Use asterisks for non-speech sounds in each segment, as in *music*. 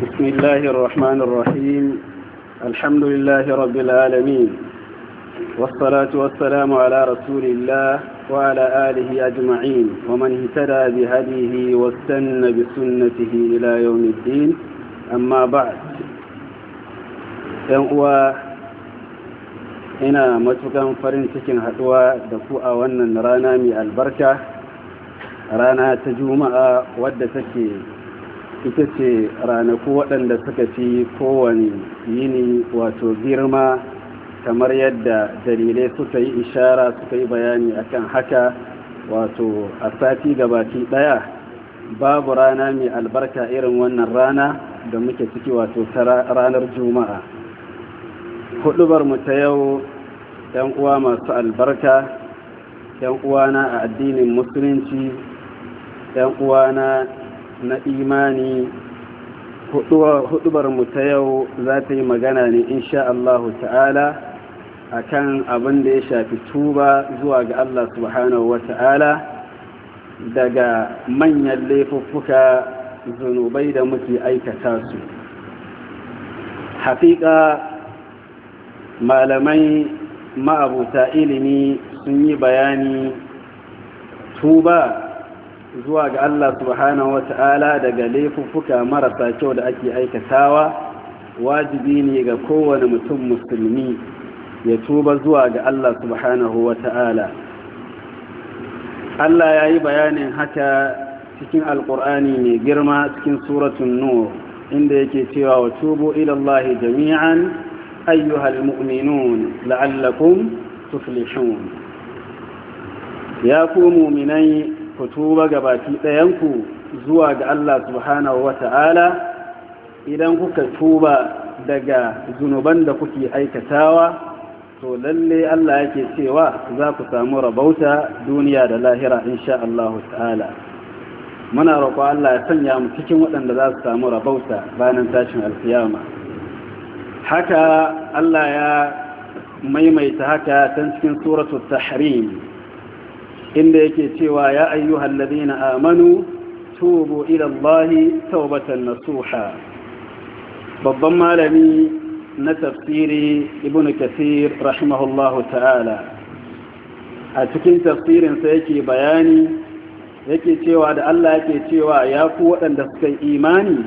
بسم الله الرحمن الرحيم الحمد لله رب العالمين والصلاة والسلام على رسول الله وعلى آله أجمعين ومن اهتدى بهديه واستنى بسنته إلى يوم الدين أما بعد هو هنا متفقا فرن هدوى haduwa ونن رانامي البركة رانا rana mai ita ce ranaku waɗanda suka fi kowane yini wato girma kamar yadda dalilai suka yi ishara suka yi bayani akan haka wato a sati gabaki ɗaya babu rana mai albarka irin wannan rana da muke ciki wato ranar juma'a hudubar mu ta yau yan uwa masu albarka yan uwana a addinin musulunci yan uwana na imani hudubar mu ta yau za ta yi magana ne insha Allah ta'ala kan abin da ya shafi tuba zuwa ga Allah subhanahu wa ta'ala daga manyan laifuffuka zunubai da muke aikata su haƙiƙa malamai ma'abuta ilimi sun yi bayani tuba zuwa ga Allah subhanahu wata'ala daga laifuffuka marasa kyau da ake aikatawa wajibi ne ga kowane mutum musulmi ya tuba zuwa ga Allah subhanahu wata'ala Allah ya yi bayanin haka cikin alkur'ani mai girma cikin suratun nur inda yake cewa wa tubu ilallahi jami'an ayyuhal mu'minun la'allakum tuflihun ya ku muminai ku tuba gabaki ɗayanku zuwa ga Allah subhanahu wa ta'ala idan kuka tuba daga zunuban da kuke aikatawa to lalle Allah yake cewa za ku samu rabauta duniya da lahira insha Allah ta'ala muna roƙo Allah ya sanya mu cikin waɗanda za su samu rabauta bayan tashin alkiyama haka Allah ya maimaita haka tan cikin suratul tahrim inda yake cewa ya ayyuhal ladina amanu tubu ila Allah tawbatan nasuha babban malami na tafsiri ibn kathir rahimahullahu ta'ala a cikin tafsirin sa yake bayani yake cewa da Allah yake cewa ya ku waɗanda suka yi imani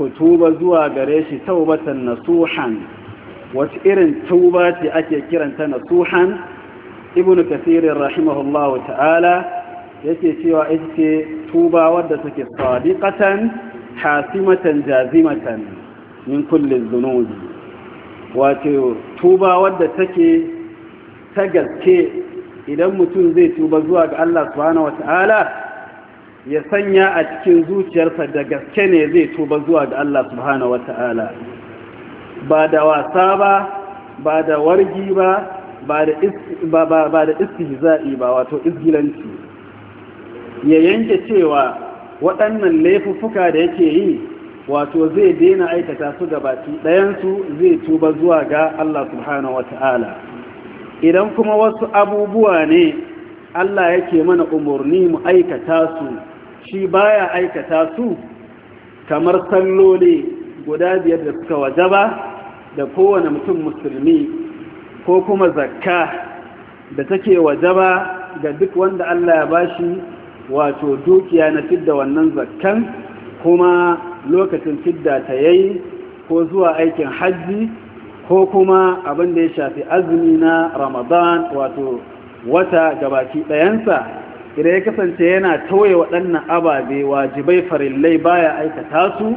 ku tuba zuwa gare shi taubatan nasuhan wata irin tuba ce ake kiranta nasuhan ibn kasirin rahimahullah ta'ala yake cewa ita ce tuba wadda suke sadiqatan hasimatan jazimatan min kulli zunubi wato tuba wadda take ta gaske idan mutum zai tuba zuwa ga Allah subhanahu wata'ala ya sanya a cikin zuciyarsa da gaske ne zai tuba zuwa ga Allah subhanahu wata'ala ba da wasa ba ba da wargi ba ba da istihza'i ba wato isgilanci, ya yanke cewa waɗannan laifuffuka da yake yi wato zai daina aikata su gabaki ɗayansu zai tuba zuwa ga Allah subhanahu wa ta'ala idan kuma wasu abubuwa ne Allah yake mana umarni mu aikata su shi baya aikata su kamar salloli guda biyar da suka wajaba da kowane mutum musulmi ko kuma zakka da take wajaba ga duk wanda Allah ya bashi wato dukiya na fidda wannan zakkan kuma lokacin fidda ta yayi ko zuwa aikin hajji ko kuma abin da ya shafi azumi na ramadan wato wata gabaki ɗayansa idan ya kasance yana tauye waɗannan ababe wajibai farillai baya aikata su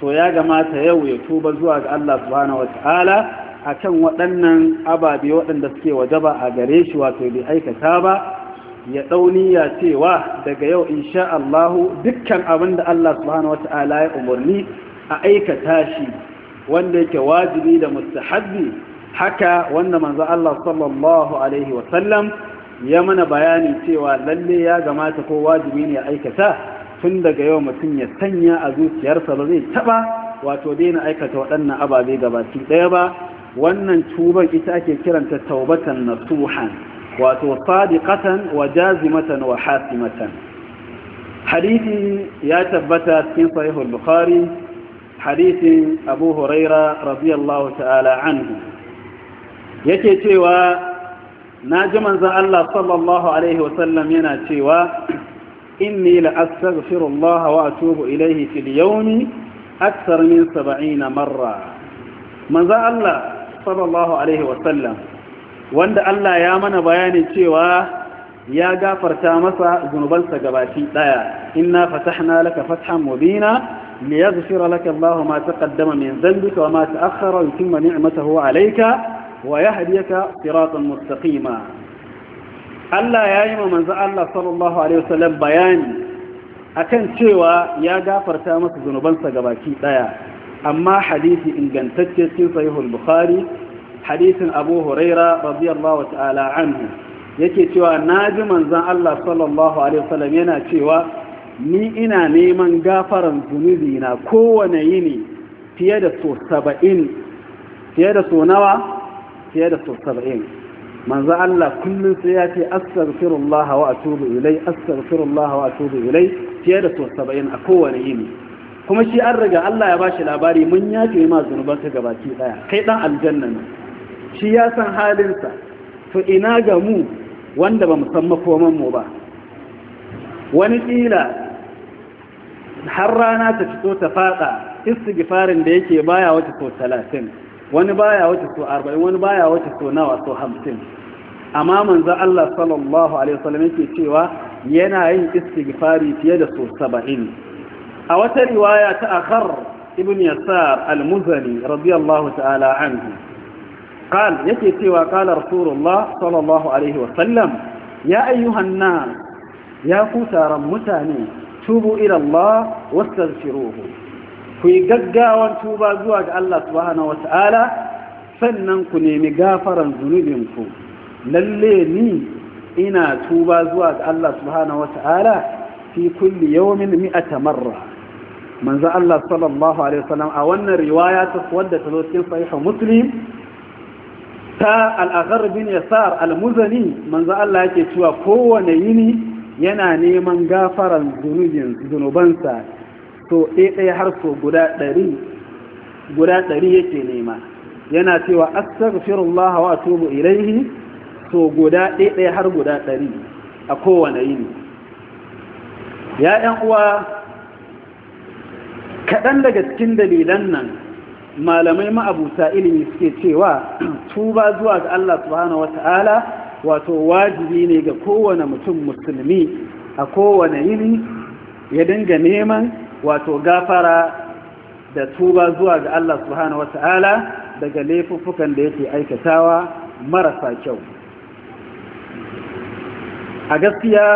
to ya gamata yau ya tuba zuwa ga Allah subhanahu wata'ala a kan waɗannan ababe waɗanda suke wajaba a gare shi wato bai aikata ba ya ya cewa daga yau insha Allahu dukkan abin da Allah subhanahu wata'ala ya umarni a aikata shi wanda yake wajibi da mustahabbi haka wanda manzo Allah sallallahu alaihi wasallam ya mana bayani cewa lalle ya gamata ko wajibi ne ya aikata tun daga yau mutum ya sanya a zuciyarsa ba zai taba wato daina aikata waɗannan ababe gabaki ɗaya ba wannan tuban ita ake kiranta taubatan nasuhan wato sadiqatan wa jazimatan wa hasimatan hadisi ya tabbata cikin sahihul bukhari hadisin abu huraira radiyallahu ta'ala anhu yake cewa na ji manzan Allah sallallahu alaihi wasallam yana cewa inni la'astaghfirullah wa atubu ilayhi fil yawmi akthar min 70 marra manzan Allah sallallahu alaihi wasallam wanda Allah ya mana bayani cewa ya gafarta masa zunubansa gabaki daya inna fatahna laka fathan mubina liyaghfira laka Allahu ma taqaddama min dhanbika wa ma ta'akhkhara wa yutimma ni'matahu alayka wa yahdiyaka siratan mustaqima Allah ya yi manzo Allah sallallahu alaihi wasallam bayani akan cewa ya gafarta masa zunubansa gabaki daya amma hadisi ingantacce cikin sahihul bukhari hadisin abu huraira radiyallahu ta'ala anhu yake cewa naji manzon Allah sallallahu alaihi wasallam yana cewa ni ina neman gafaran zunubi na kowane yini fiye da so 70 fiye da so nawa fiye da so 70 manzon Allah kullun sai ya ce astaghfirullah wa atubu ilai astaghfirullah wa atubu ilai fiye da so 70 a kowane yini kuma shi an riga Allah ya bashi labari mun yafe ma zunuban ka gabaki daya kai dan aljanna ne shi ya san halinsa to ina ga mu wanda ba mu san makoman mu ba wani kila har rana ta fito ta fada istighfarin da yake baya wata so 30 wani baya wata so 40 wani baya wata so nawa so 50 amma manzo Allah sallallahu alaihi wasallam yake cewa yana yin istighfari fiye da so 70 a wata riwaya ta akhar ibn yasar al-muzali radiyallahu ta'ala anhu qal yake cewa qala rasulullah sallallahu alaihi wa sallam ya ayyuhan nas ya ku taron mutane tubu ilala allah wastaghfiruhu ku yi gaggawan tuba zuwa ga Allah subhanahu wa ta'ala sannan ku nemi gafaran zunubin ku lalle ni ina tuba zuwa ga Allah subhanahu wa ta'ala fi kulli yawmin mi'ata marra manzo Allah sallallahu alaihi wasallam a wannan riwaya ta wadda ta zo cikin sahih muslim ta al-aghar bin yasar al-muzani manzo Allah yake cewa kowane yini yana neman gafaran zunubin zunubansa to ɗaya ɗaya har so guda ɗari guda ɗari yake nema yana cewa astaghfirullah wa atubu ilaihi to guda ɗaya ɗaya har guda ɗari a kowane yini ya ƴan uwa kaɗan daga cikin dalilan nan malamai ma'abuta ilimi suke cewa *clears throat* tuba zuwa ga Allah subhanahu wata'ala wato wajibi ne ga kowane mutum musulmi a kowane yini ya dinga neman wato gafara da tuba zuwa ga Allah subhanahu wata'ala daga laifuffukan da yake aikatawa marasa kyau a gaskiya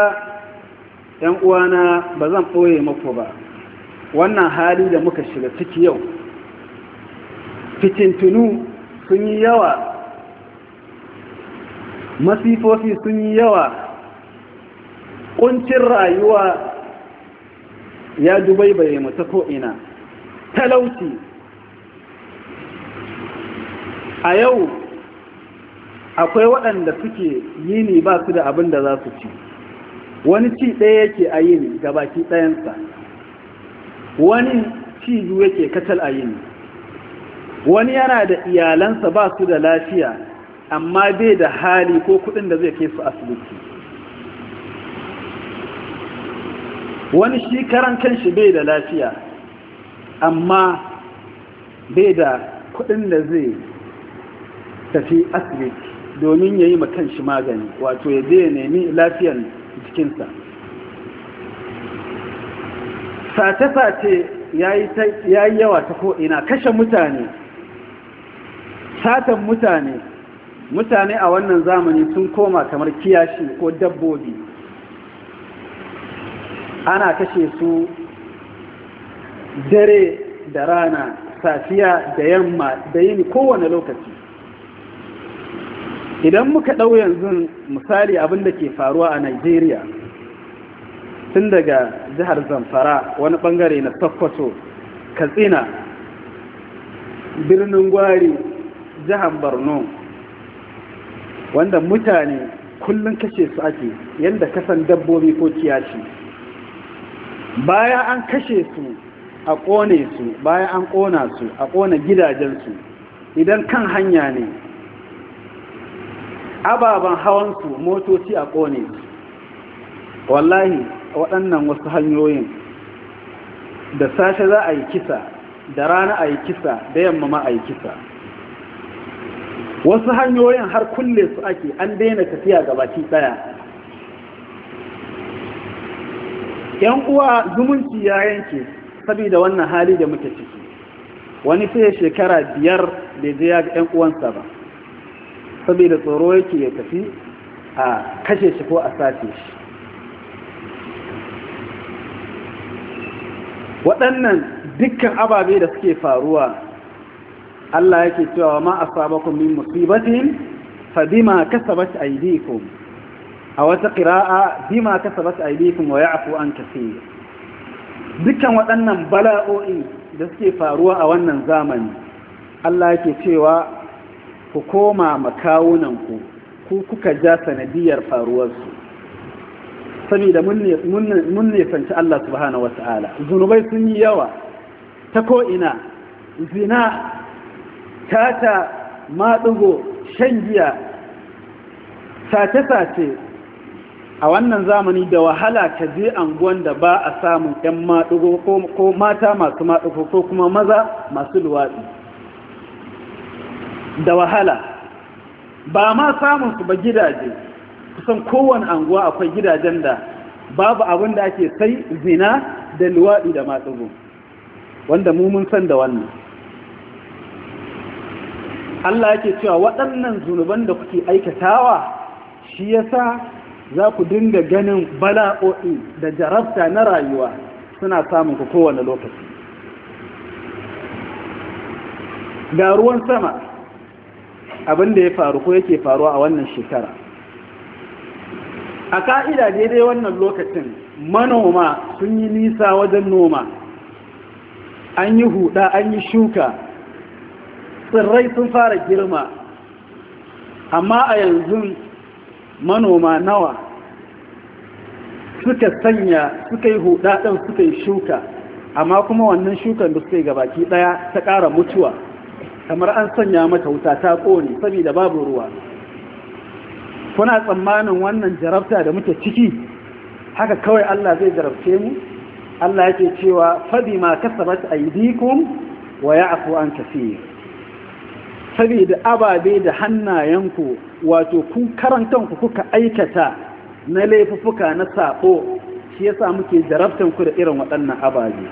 'yan uwana ba zan ɓoye muku ba wannan hali da muka shiga ciki yau fitintunu sun yi yawa masifofi sun yi yawa ƙuncin rayuwa ya dubai bai mu ko'ina talauci a yau akwai waɗanda suke yi yini ba su da abin da za su ci wani ci ɗaya yake a yi ga baki ɗayansa wani cizu yake kacal a yini wani yana da iyalansa ba su da lafiya amma bai da hali ko kudin da zai kai su asibiti wani shi karan kanshi bai da lafiya amma bai da kudin da zai tafi asibiti domin ya yi kanshi magani wato ya zai nemi lafiyan jikinsa sace-sace ya yi yawa ta ko'ina kashe mutane satan mutane mutane a wannan zamani sun koma kamar kiyashi ko dabbobi ana kashe su dare da rana safiya da yamma da yini kowane lokaci idan muka ɗau yanzu misali abin da ke faruwa a Najeriya. tun daga jihar zamfara wani bangare na sokoto katsina birnin gwari jihar borno wanda mutane kullum kashe su ake yadda kasan dabbobi ko kiyaci Baya an kashe su a kone su baya an kona su a ƙona gidajensu idan kan hanya ne ababen hawan su motoci a kone su wallahi waɗannan wasu hanyoyin da sashe za a yi kisa da rana a yi kisa da yamma ma a yi kisa wasu hanyoyin har kulle su ake an daina tafiya gabaki ɗaya yan uwa zumunci ya yanke saboda wannan hali da muke ciki wani sai shekara biyar da zai ya ga yan uwansa ba saboda tsoro yake ya tafi a kashe shi ko a sace shi waɗannan dukkan ababe da suke faruwa Allah yake cewa ma asabakum min musibatin fa bima kasabat aydikum a wata ƙira'a, bima kasabat aydikum wa ya'fu an kaseer dukkan waɗannan bala'o'i da suke faruwa a wannan zamani Allah yake cewa ku koma makawunanku ku kuka ja sanadiyar faruwarsu saboda mun nisanci Allah subhanahu wa ta'ala zunubai sun yi yawa ta ko'ina zina tata maɗugo shan giya sace-sace a wannan zamani da wahala ka je anguwan da ba a samun 'yan maɗugo ko mata masu maɗugo ko kuma maza masu luwaɗi da wahala ba ma samun su ba gidaje kusan kowane anguwa akwai gidajen da babu abin da ake sai zina da luwaɗi da matsugu wanda mu san da wannan Allah yake cewa waɗannan zunuban da kuke aikatawa shi yasa za ku dinga ganin bala'o'i da jarabta na rayuwa suna samun ku kowane lokaci ga ruwan sama abin da ya faru ko yake faruwa a wannan shekara a ka'ida daidai wannan lokacin manoma sun yi nisa wajen noma an yi huda an yi shuka tsirrai sun fara girma amma a yanzu manoma nawa suka sanya suka yi huda ɗin suka yi shuka amma kuma wannan shukan da suka yi gabaki ɗaya ta ƙara mutuwa kamar an sanya mata wuta ta ƙone saboda babu ruwa kuna tsammanin wannan jarabta da muke ciki haka kawai Allah zai jarabce mu Allah yake cewa fabi ma kasabat aydikum wa ya'fu an kaseer saboda ababe da hannayenku wato ku karantanku kuka aikata na laifuka na sako shi yasa muke jarabtan ku da irin waɗannan ababe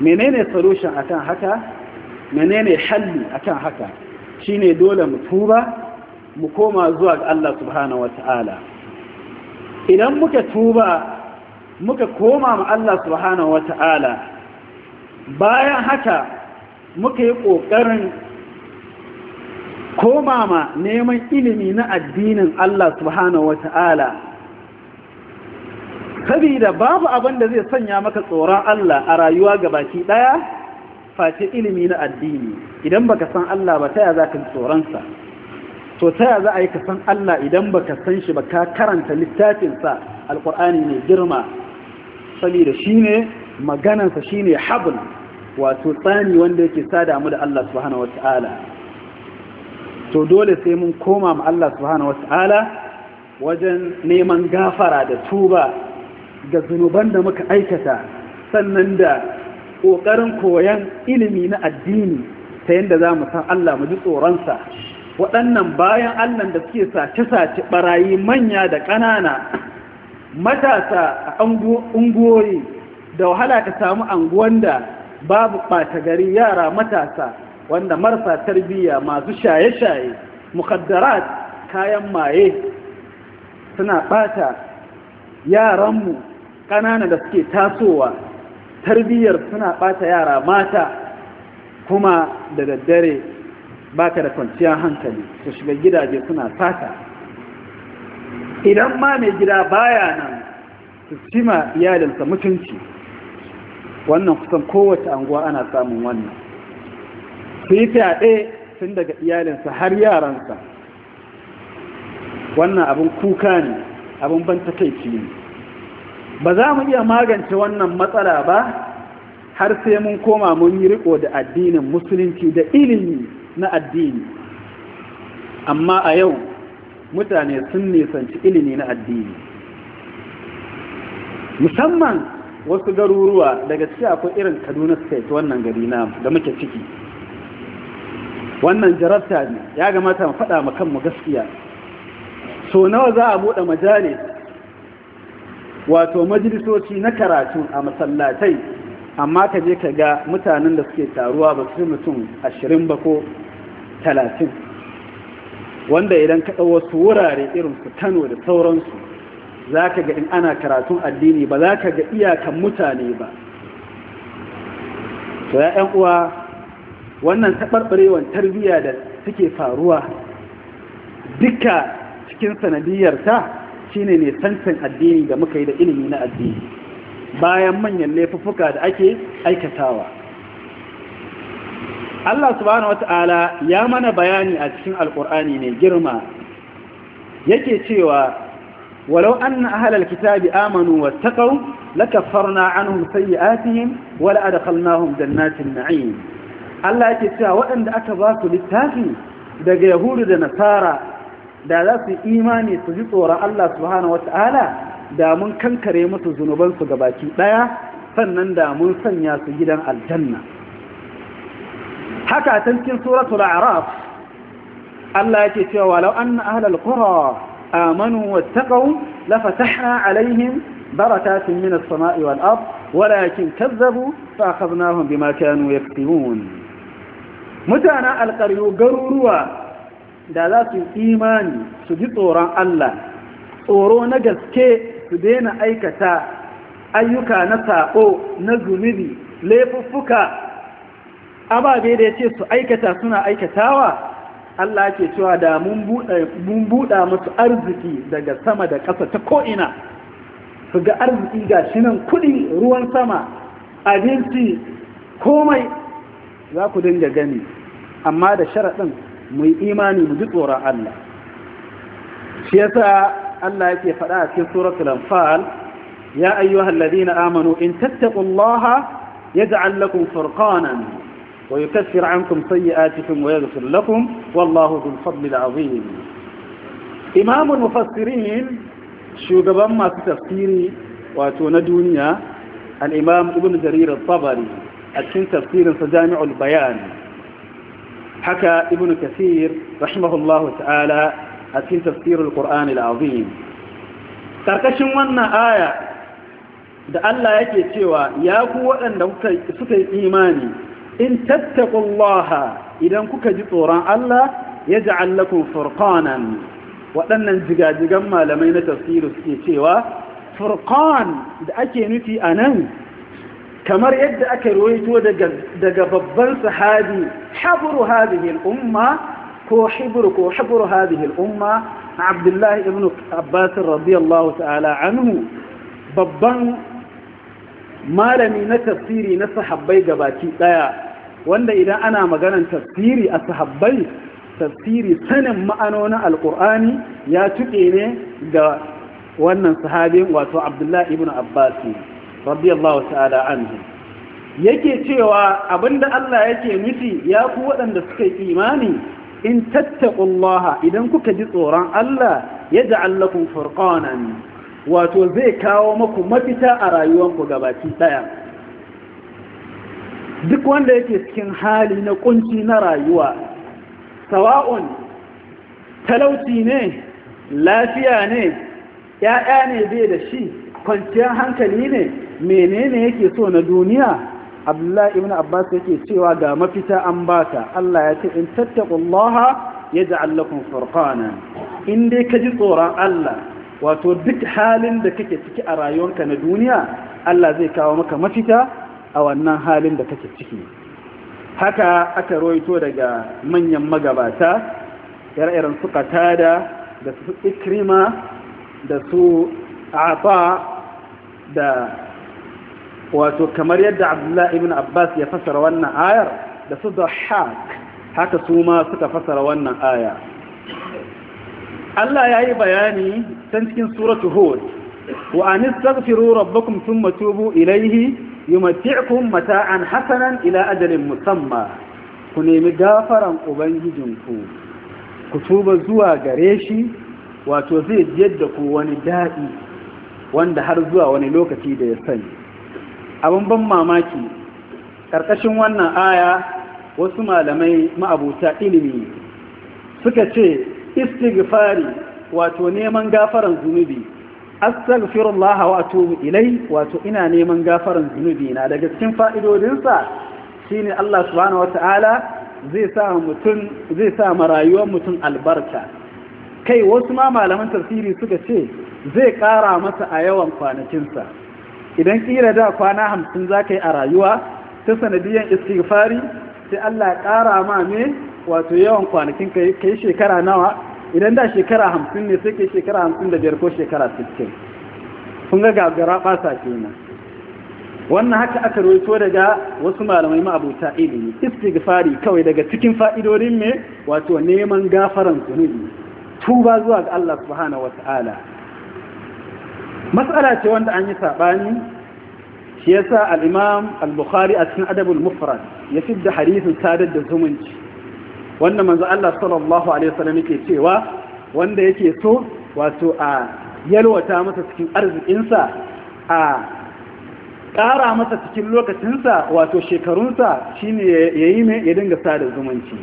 menene solution akan haka menene halli akan haka shine dole mu tuba mu koma zuwa ga Allah subhanahu wata'ala idan muka tuba muka koma ma Allah subhanahu wata'ala bayan haka muka yi ƙoƙarin koma ma neman ilimi na addinin Allah subhanahu wata'ala saboda babu abin da zai sanya maka tsoron Allah a rayuwa ga baki ɗaya face ilimi na addini idan baka san Allah ba ta ya za ka tsoronsa to ta za a yi ka san Allah idan baka san shi ba ka karanta littafinsa alkur'ani ne girma saboda shi ne maganansa shi ne habl wato tsani wanda yake sada mu da Allah subhanahu wata'ala to dole sai mun koma ma Allah subhanahu wata'ala wajen neman gafara da tuba ga zunuban da muka aikata sannan da ƙoƙarin koyon ilimi na addini ta yadda za mu san Allah mu ji tsoronsa waɗannan bayan allah da suke sace-sace ɓarayi manya da ƙanana matasa a unguwoyi da wahala ka samu anguwan da babu ɓata gari yara matasa wanda marasa tarbiyya masu shaye-shaye mukaddarat kayan maye suna ɓata yaranmu ƙanana da suke tasowa tarbiyyar suna ɓata yara mata kuma da daddare Ba baka da kwanciyar hankali su shiga gidaje suna sata, idan ma mai gida baya nan su cima iyalinsa mutunci wannan kusan kowace anguwa ana samun wannan su yi fyaɗe sun daga iyalinsa har yaransa wannan abin kuka ne abin ban takaici ne ba za mu iya magance wannan matsala ba har sai mun koma mun yi riko da addinin musulunci da ilimi na addini amma a yau mutane sun nisanci ilimi na addini musamman wasu garuruwa daga ciki akwai irin kaduna state wannan gari na da muke ciki wannan jarabta ne ya gamata mu faɗa ma kanmu gaskiya so nawa za a buɗe majalis wato majalisoci na karatu a masallatai amma ka je ka ga mutanen da suke taruwa ba su mutum ashirin ba ko talatin wanda idan ka ɗau wasu wurare irin su kano da sauransu za ka ga in ana karatun addini ba za ka ga iyakan mutane ba to ya uwa wannan taɓarɓarewar tarbiyya da suke faruwa duka cikin sanadiyarta shine ne santin addini da muka yi da ilimi na addini bayan manyan laifuffuka da ake aikatawa Allah subhanahu wata'ala ya mana bayani a cikin alkur'ani mai girma yake cewa walau na ahlal kitabi amanu wattaqaw lakaffarna anhum sayyi'atihim wala adkhalnahum jannatin na'im Allah yake cewa waɗanda aka ba su littafi daga yahudu da nasara da za su imani su ji tsoron Allah subhanahu wata'ala da mun kankare musu zunubansu gabaki ɗaya sannan da mun sanya su gidan aljanna haka ta cikin suratul a'raf Allah yake cewa walau anna ahlal qura amanu wattaqu la fatahna alaihim barakatin minas sama'i wal ard walakin kazzabu fa akhadnahum bima kanu yaktubun mutana alqaryu garuruwa da za su imani su ji tsoron Allah tsoro na gaske su daina aikata ayyuka na sako na zunubi laifuffuka ababe da ya ce su aikata suna aikatawa Allah ke cewa da mun buɗa musu arziki daga sama da ƙasa ta ko'ina su ga arziki ga shinan kuɗi ruwan sama abinci komai za ku dinga gani amma da sharaɗin mu yi imani mu ji tsoron Allah shi yasa Allah ke faɗa a cikin al anfal ya ayyuhal ladina amanu in tattaqullaha yaj'al lakum furqanan ويكفر عنكم سيئاتكم ويغفر لكم والله ذو الفضل العظيم إمام المفسرين شوغبان ما تفسيري واتونا دنيا الإمام ابن جرير الطبري أكين تفسير فجامع البيان حكى ابن كثير رحمه الله تعالى أكين تفسير القرآن العظيم تركشن وانا آية da Allah yake cewa ya ku waɗanda suka yi imani in tattakullaha idan kuka ji tsoron Allah yaj'al lakum furkanan waɗannan jigajigan malamai na tafsiri suke cewa furkan da ake nufi nan kamar yadda aka ruwaito daga babban sahabi habru hadhihi umma ko haɓuru ko habru hadhihi umma abdullahi ibn Abbas radiyallahu ta'ala anhu babban malami na tafsiri na sahabbai gabaki daya wanda idan ana maganan tafsiri a sahabbai tafsiri sanin ma'anonin alkur'ani ya tuke ne ga wannan sahabin wato abdullahi ibn abbas radiyallahu ta'ala anhu yake cewa abinda Allah yake nufi ya ku waɗanda suka yi imani in tattaqullaha idan kuka ji tsoron Allah yaj'al lakum furqanan wato zai kawo maku mafita a rayuwanku gabaki daya duk wanda yake cikin hali na kunci na rayuwa sawa'un talauci ne lafiya ne ya'ya ne bai da shi kwanciyar hankali ne menene yake so na duniya abdullahi ibn abbas yake cewa ga mafita an baka allah ya ce in ya yaj'al lakum furkana in dai ka ji tsoron allah wato duk halin da kake ciki a rayuwarka na duniya Allah zai kawo maka mafita a wannan halin da kake ciki haka aka roito daga manyan magabata ire-iren su qatada da su ikrima da su ata da wato kamar yadda Abdullah ibn Abbas ya fasara wannan ayar da su dhahak haka su ma suka fasara wannan aya Allah ya yi bayani can cikin suratu Hud wa anistaghfiru rabbakum thumma tubu ilayhi mata mata'an hasanan ila ajalin musamma ku nemi gafaran ubangijinku ku tuba zuwa gare shi wato zai yadda ku wani daɗi wanda har zuwa wani lokaci da ya sani abin ban mamaki ƙarƙashin wannan aya wasu malamai ma'abuta ilimi suka ce istighfari wato neman gafaran zunubi astaghfirullah wa atubu ilai wato ina neman gafaran zunubi na daga cikin fa'idodinsa shine Allah subhanahu wataala zai sa mutum zai sa marayuwar mutum albarka kai wasu ma malaman tafsiri suka ce zai ƙara masa a yawan kwanakinsa idan ƙira da kwana hamsin za yi a rayuwa ta sanadiyyar istighfari sai Allah ƙara ma me wato yawan kwanakin ka yi shekara nawa idan da shekara hamsin ne sai ka yi shekara hamsin da biyar ko shekara sittin sun ga gagara basa kenan wannan haka aka roto daga wasu malamai ma'abuta ilimi istighfari kawai daga cikin fa'idodin mai wato neman gafaran zunubi tuba zuwa ga Allah subhanahu wata'ala mas'ala ce wanda an yi saɓani shi yasa al-Imam al-Bukhari a cikin Adabul Mufrad ya fidda hadisin sadar da zumunci wanda manzo Allah sallallahu alaihi wasallam yake cewa wanda yake so wato a yalwata masa cikin arzikinsa a ƙara masa cikin lokacinsa wato shekarunsa shine yayi ne ya dinga sada zumunci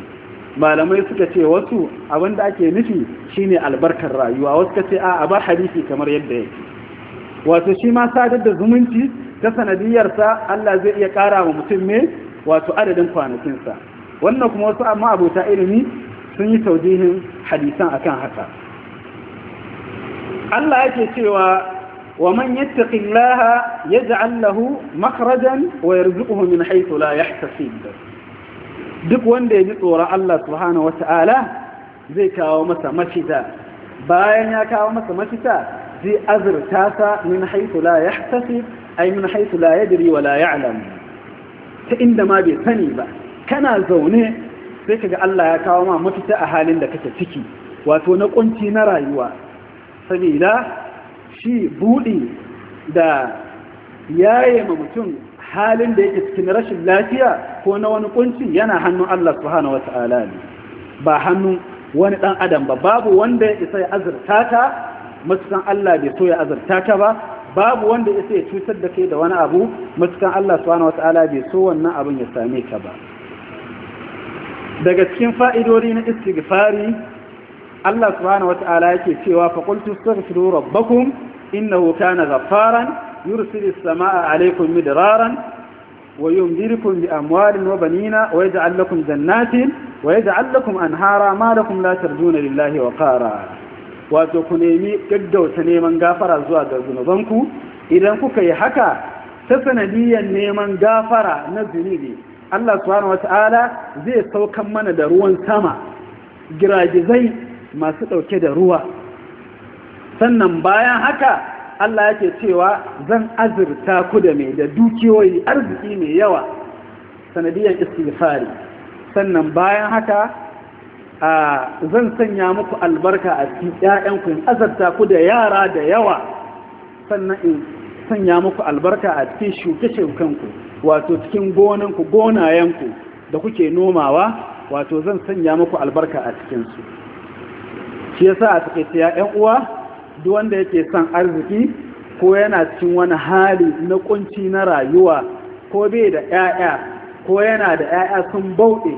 malamai suka ce wasu abinda ake nufi shine albarkar rayuwa wasu ka ce a a bar hadisi kamar yadda yake wato shi ma sadar da zumunci ta sanadiyarsa Allah zai iya ƙara wa mutum ne wato adadin kwanakinsa wannan kuma wasu amma abota ilimi sun yi taujihin hadisan akan haka Allah yake cewa wa man yattaqillaha yaj'al lahu makhrajan wa yarzuquhu min haythu la yahtasib duk wanda ya ji tsoron Allah subhanahu wata'ala zai kawo masa mafita bayan ya kawo masa mafita zai azurta sa min haythu la yahtasib ay min haythu la yadri wa la ya'lam ta inda ma bai sani ba kana zaune sai kaga Allah ya kawo ma mafita a halin da kake ciki wato na kunci na rayuwa saboda shi buɗe da yaye ma mutum halin da yake cikin rashin lafiya ko na wani kunci yana hannun Allah subhanahu wata'ala ne ba hannun wani dan adam ba babu wanda ya isa ya azurta ta matukan Allah bai so ya azurta ta ba babu wanda ya isa ya cutar da kai da wani abu matukan Allah subhanahu wata'ala bai so wannan abin ya same ka ba daga cikin fa'idodi na istighfari Allah subhanahu yake cewa fa qultu astaghfiru rabbakum innahu kana ghaffaran yursilu as-samaa'a 'alaykum midraran wa yumdidukum bi amwalin wa banina wa yaj'al lakum jannatin wa yaj'al lakum anhara ma lakum la tarjuna lillahi wa ƙara, wato ku nemi gaggauta neman gafara zuwa ga zunubanku idan kuka yi haka ta sanadiyan neman gafara na zunubi Allah subhanahu wata'ala zai saukan mana da ruwan sama giragizai masu ɗauke da ruwa sannan bayan haka Allah yake cewa zan azurta ku da mai da dukiyoyi arziki mai yawa sanadiyar istighfari sannan bayan haka zan sanya muku albarka a cikin ƴaƴanku in azurta ku da yara da yawa sannan in sanya muku albarka a cikin shuke ku wato cikin gonanku gonayenku da kuke nomawa wato zan sanya muku albarka a cikinsu shi yasa a take ya uwa duk wanda yake son arziki ko yana cikin wani hali na kunci na rayuwa ko bai da ƴaƴa ko yana da ƴaƴa sun bauɗe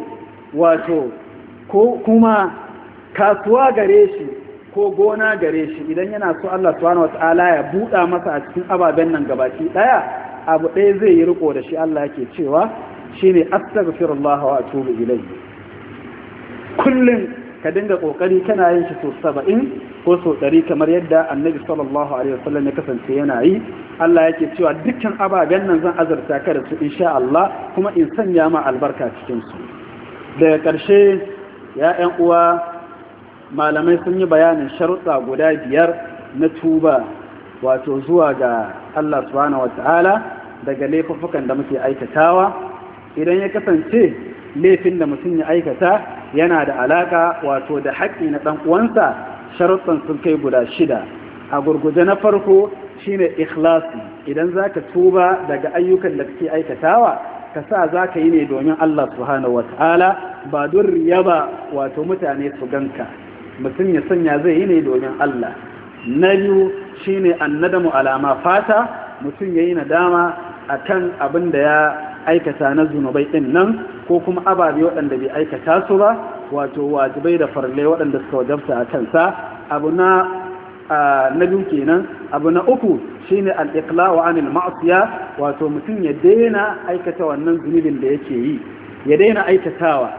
wato ko kuma kasuwa gare shi ko gona gare shi idan yana so Allah subhanahu wataala ya buɗa masa a cikin ababen nan gabaki ɗaya abu ɗaya zai yi riko da shi Allah yake cewa shi shine astaghfirullah wa atubu ilayhi kullum ka dinga kokari kana yin shi sau saba'in ko sau ɗari kamar yadda annabi sallallahu alaihi wasallam ya kasance yana yi Allah yake cewa dukkan ababen nan zan azurta ka da su insha Allah kuma in sanya ma albarka cikin su daga ƙarshe ya ƴan uwa malamai sun yi bayanin sharuɗa guda biyar na tuba wato zuwa ga Allah subhanahu daga laifuffukan da muke aikatawa idan ya kasance laifin da mutum ya aikata yana da alaka wato da haƙƙi na ɗan uwansa sharuɗan sun kai guda shida a gurguje na farko shine ikhlasi idan zaka tuba daga ayyukan da kake aikatawa ka sa zaka yi ne domin Allah subhanahu wataala ba don riya ba wato mutane su ganka mutum ya sanya zai yi ne domin Allah na biyu shine annadamu alama fata mutum ya yi nadama a kan abin da ya aikata na zunubai ɗin nan ko kuma ababe waɗanda bai aikata su ba wato wajibai da farle waɗanda suka wajabta a kansa abu na na biyu kenan abu na uku shine al-iqla wa anil ma'siya wato mutum ya daina aikata wannan zunubin da yake yi ya daina aikatawa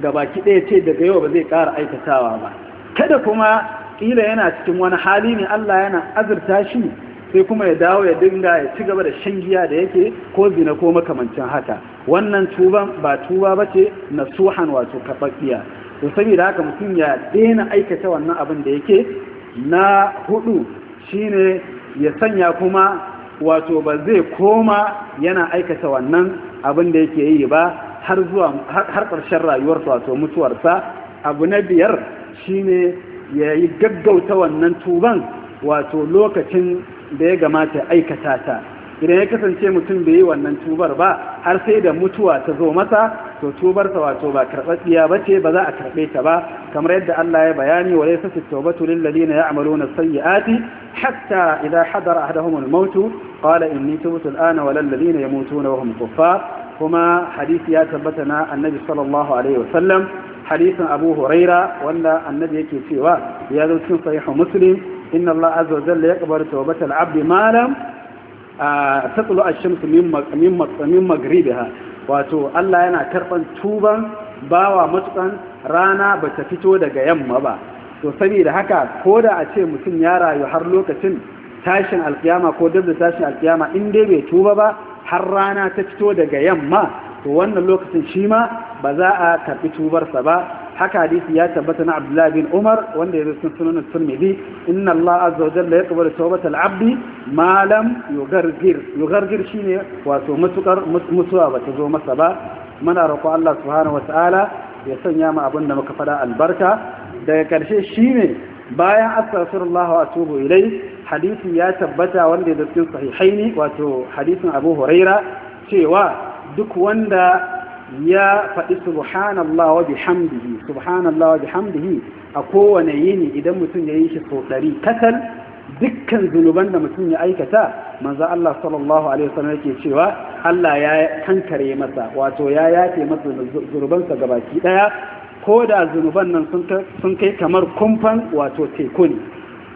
ga baki ɗaya ce daga yau ba zai ƙara aikatawa ba kada kuma ƙila yana cikin wani hali ne Allah yana azurta shi sai kuma ya dawo ya dinga ya ci gaba da shan giya da yake ko zina ko makamancin haka wannan tuban ba tuba ba ce na suhan wato kafafiya to saboda haka mutum ya daina aikata wannan abin da yake na hudu shine ya sanya kuma wato ba zai koma yana aikata wannan abin da yake yi ba har zuwa har ƙarshen rayuwarsa wato mutuwarsa abu na biyar shine ya yi gaggauta wannan tuban wato lokacin da ya gamata aikata ta idan ya kasance mutum bai yi wannan tubar ba har sai da mutuwa ta zo masa to tubarsa wato ba karɓaɓɓiya ba ce ba za a karɓe ta ba kamar yadda Allah ya bayani wa laysa at-tawbatu lil ladina ya'maluna as-sayyi'ati hatta idha hadara ahaduhum al-maut qala inni tubtu al-ana wa lil ladina yamutuna wa hum kuffar kuma hadisi ya tabbata na annabi sallallahu alaihi hadisin Abu Huraira wanda annabi yake cewa ya zo cikin sahih Muslim inna Allah azza wa jalla yaqbalu tawbatal abdi ma lam tatlu ash-shamsu min min maghribiha wato Allah yana karban tuban bawa matukan rana ba ta fito daga yamma ba to saboda haka ko da a ce mutum ya rayu har lokacin tashin alkiyama ko dabda tashin alkiyama in dai bai tuba ba har rana ta fito daga yamma to wannan lokacin shi ma ba za a karbi tubarsa ba haka hadisi ya tabbata na Abdullah bin Umar wanda ya rusu sunan Tirmidhi inna Allah azza wa jalla yaqbalu tawbatal abdi ma lam yugargir yugargir shine wato matukar mutuwa ba ta zo masa ba muna roƙo Allah subhanahu wa ta'ala ya sanya mu abin da muka fada albarka daga karshe shine bayan astaghfirullah wa atubu ilai hadisi ya tabbata wanda ya rusu sahihaini wato hadisin Abu Huraira cewa duk wanda ya faɗi subhanallah wa bihamdihi subhanallah wa bihamdihi a kowane yini idan mutum ya yi shi sau ɗari kasal dukkan zunuban da mutum ya aikata manzo Allah sallallahu alaihi wasallam yake cewa Allah ya kankare masa wato ya yafe masa zunuban sa gabaki daya ko da zunuban nan sun kai kamar kumfan wato teku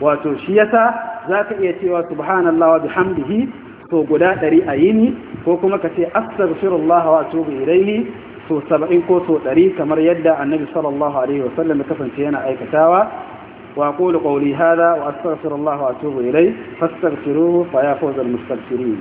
wato shi yasa zaka iya cewa subhanallah wa bihamdihi so guda ɗari a yini ko kuma ka ce astaghfirullah wa atubu ilaihi so saba'in ko so ɗari kamar yadda annabi sallallahu alaihi wasallam ya kasance yana aikatawa wa قولي هذا atubu الله وأتوب إليه فاستغفروه فيا فوز المستغفرين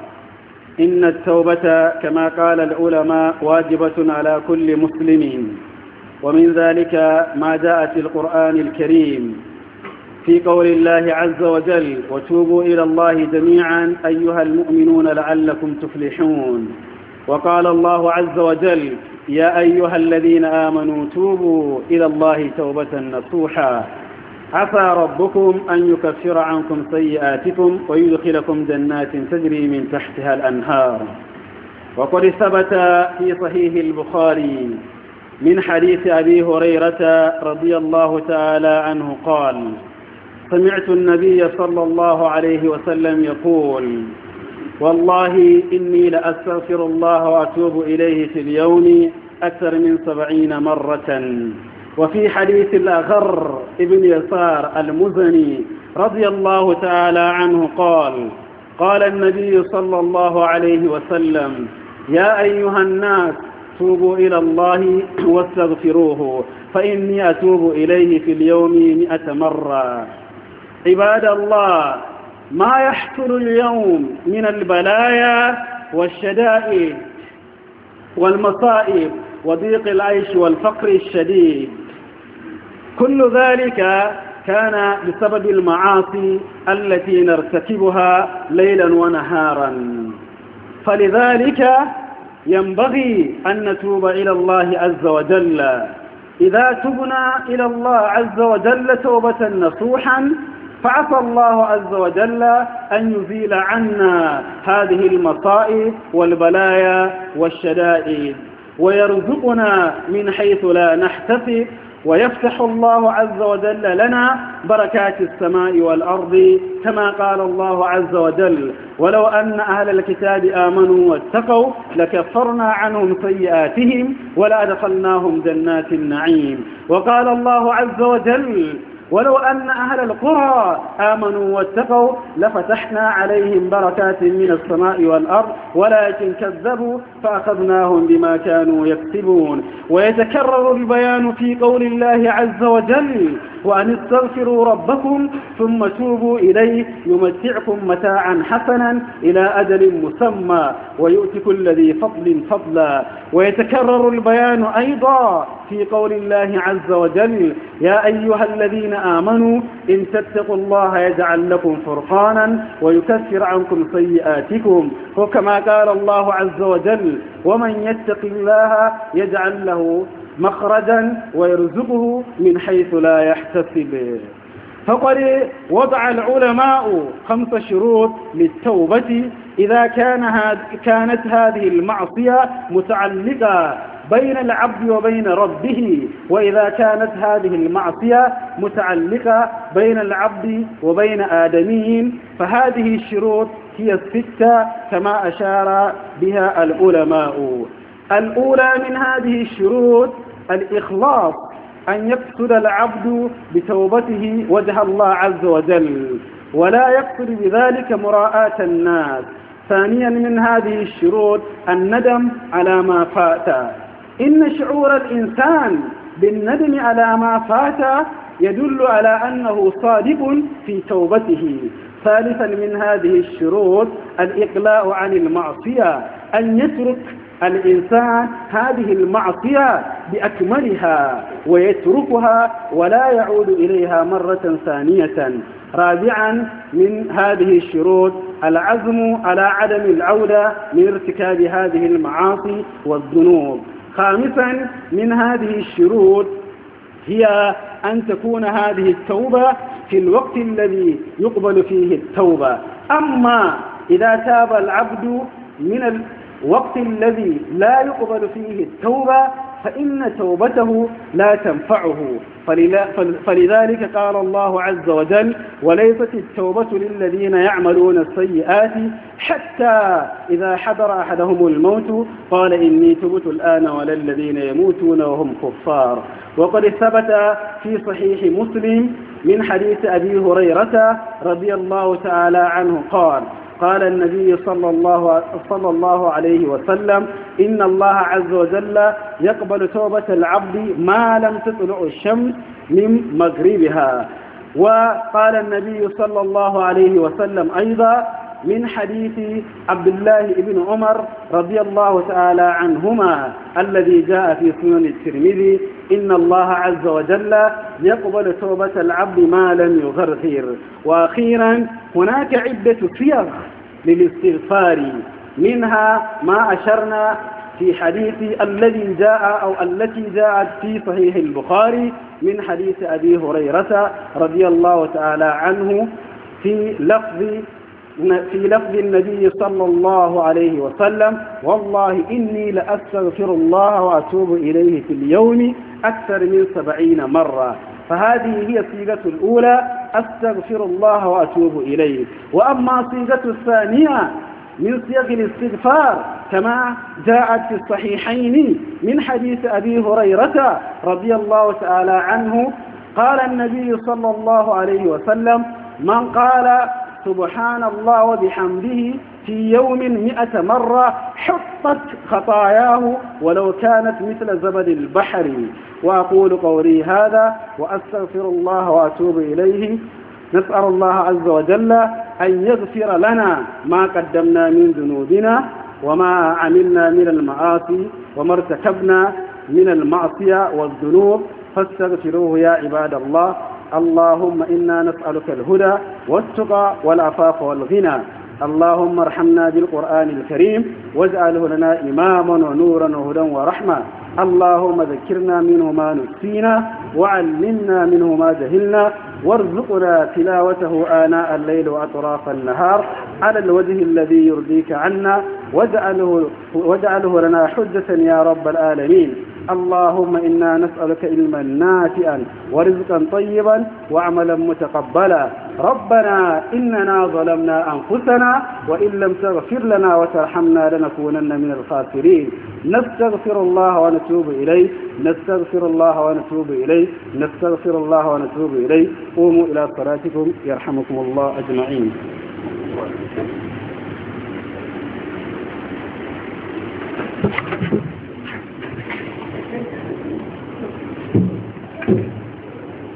إن التوبة كما قال العلماء واجبة على كل مسلم ومن ذلك ما جاء في القرآن الكريم في قول الله عز وجل وتوبوا إلى الله جميعا أيها المؤمنون لعلكم تفلحون وقال الله عز وجل يا أيها الذين آمنوا توبوا إلى الله توبة نصوحا عفى ربكم أن يكفر عنكم سيئاتكم ويدخلكم جنات تجري من تحتها الأنهار وقد ثبت في صحيح البخاري من حديث أبي هريرة رضي الله تعالى عنه قال سمعت النبي صلى الله عليه وسلم يقول والله إني لأستغفر الله وأتوب إليه في اليوم أكثر من سبعين مرة وفي حديث الأغر ابن يسار المزني رضي الله تعالى عنه قال قال النبي صلى الله عليه وسلم يا أيها الناس توبوا إلى الله واستغفروه فإني أتوب إليه في اليوم مئة مرة عباد الله ما يحصل اليوم من البلايا والشدائد والمصائب وضيق العيش والفقر الشديد كل ذلك كان بسبب المعاصي التي نرتكبها ليلا ونهارا فلذلك ينبغي أن نتوب إلى الله عز وجل إذا تبنا إلى الله عز وجل توبة نصوحا فعسى الله عز وجل أن يزيل عنا هذه المصائب والبلايا والشدائد ويرزقنا من حيث لا نحتسب ويفتح الله عز وجل لنا بركات السماء والأرض كما قال الله عز وجل ولو أن أهل الكتاب آمنوا واتقوا لكفرنا عنهم سيئاتهم ولا دخلناهم جنات النعيم وقال الله عز وجل ولو أن أهل القرى آمنوا واتقوا لفتحنا عليهم بركات من السماء والأرض ولكن كذبوا فأخذناهم بما كانوا يكسبون ويتكرر البيان في قول الله عز وجل وأن استغفروا ربكم ثم توبوا إليه يمتعكم متاعا حسنا إلى أجل مسمى ويؤتي كل ذي فضل فضلا ويتكرر البيان أيضا في قول الله عز وجل يا أيها الذين آمنوا إن تتقوا الله يجعل لكم فرقانا ويكفر عنكم سيئاتكم وكما قال الله عز وجل ومن يتق الله يجعل له مخرجا ويرزقه من حيث لا يحتسب فقد وضع العلماء خمس شروط للتوبة إذا كان كانت هذه المعصية متعلقة بين العبد وبين ربه وإذا كانت هذه المعصية متعلقة بين العبد وبين آدمي فهذه الشروط هي الستة كما أشار بها العلماء الأولى من هذه الشروط الإخلاص أن يقصد العبد بتوبته وجه الله عز وجل ولا يقصد بذلك مراءة الناس ثانيا من هذه الشروط الندم على ما فات إن شعور الإنسان بالندم على ما فات يدل على أنه صادق في توبته ثالثا من هذه الشروط الإقلاع عن المعصية أن يترك الإنسان هذه المعصية بأكملها ويتركها ولا يعود إليها مرة ثانية رابعا من هذه الشروط العزم على عدم العودة من ارتكاب هذه المعاصي والذنوب خامسا من هذه الشروط هي أن تكون هذه التوبة في الوقت الذي يقبل فيه التوبة أما إذا تاب العبد من الوقت الذي لا يقبل فيه التوبة فإن توبته لا تنفعه فلذلك قال الله عز وجل وليست التوبة للذين يعملون السيئات حتى إذا حضر أحدهم الموت قال إني تبت الآن ولا الذين يموتون وهم كفار وقد ثبت في صحيح مسلم من حديث أبي هريرة رضي الله تعالى عنه قال قال النبي صلى الله, صلى الله عليه وسلم إن الله عز وجل يقبل توبة العبد ما لم تطلع الشمس من مغربها وقال النبي صلى الله عليه وسلم أيضا من حديث عبد الله بن عمر رضي الله تعالى عنهما الذي جاء في سنن الترمذي إن الله عز وجل يقبل توبة العبد ما لم يغرغر وأخيرا هناك عدة صيغ للاستغفار منها ما أشرنا في حديث الذي جاء أو التي جاءت في صحيح البخاري من حديث أبي هريرة رضي الله تعالى عنه في لفظ في لفظ النبي صلى الله عليه وسلم والله إني لأستغفر الله وأتوب إليه في اليوم أكثر من سبعين مرة فهذه هي الصيغة الأولى أستغفر الله وأتوب إليه وأما الصيغة الثانية من صيغ الاستغفار كما جاءت في الصحيحين من حديث أبي هريرة رضي الله تعالى عنه قال النبي صلى الله عليه وسلم من قال سبحان الله وبحمده في يوم مئة مرة حطت خطاياه ولو كانت مثل زبد البحر وأقول قولي هذا وأستغفر الله وأتوب إليه نسأل الله عز وجل أن يغفر لنا ما قدمنا من ذنوبنا وما عملنا من المعاصي وما ارتكبنا من المعصية والذنوب فاستغفروه يا عباد الله اللهم إنا نسألك الهدى والتقى والعفاف والغنى اللهم ارحمنا بالقرآن الكريم واجعله لنا إماما ونورا وهدى ورحمة اللهم ذكرنا منه ما نسينا وعلمنا منه ما جهلنا وارزقنا تلاوته آناء الليل وأطراف النهار على الوجه الذي يرضيك عنا واجعله, واجعله لنا حجة يا رب العالمين اللهم إنا نسألك علما نافعا ورزقا طيبا وعملا متقبلا ربنا إننا ظلمنا أنفسنا وإن لم تغفر لنا وترحمنا لنكونن من الخاسرين نستغفر الله ونتوب إليه نستغفر الله ونتوب إليه نستغفر الله ونتوب إليه قوموا إلى صلاتكم يرحمكم الله أجمعين Thank you.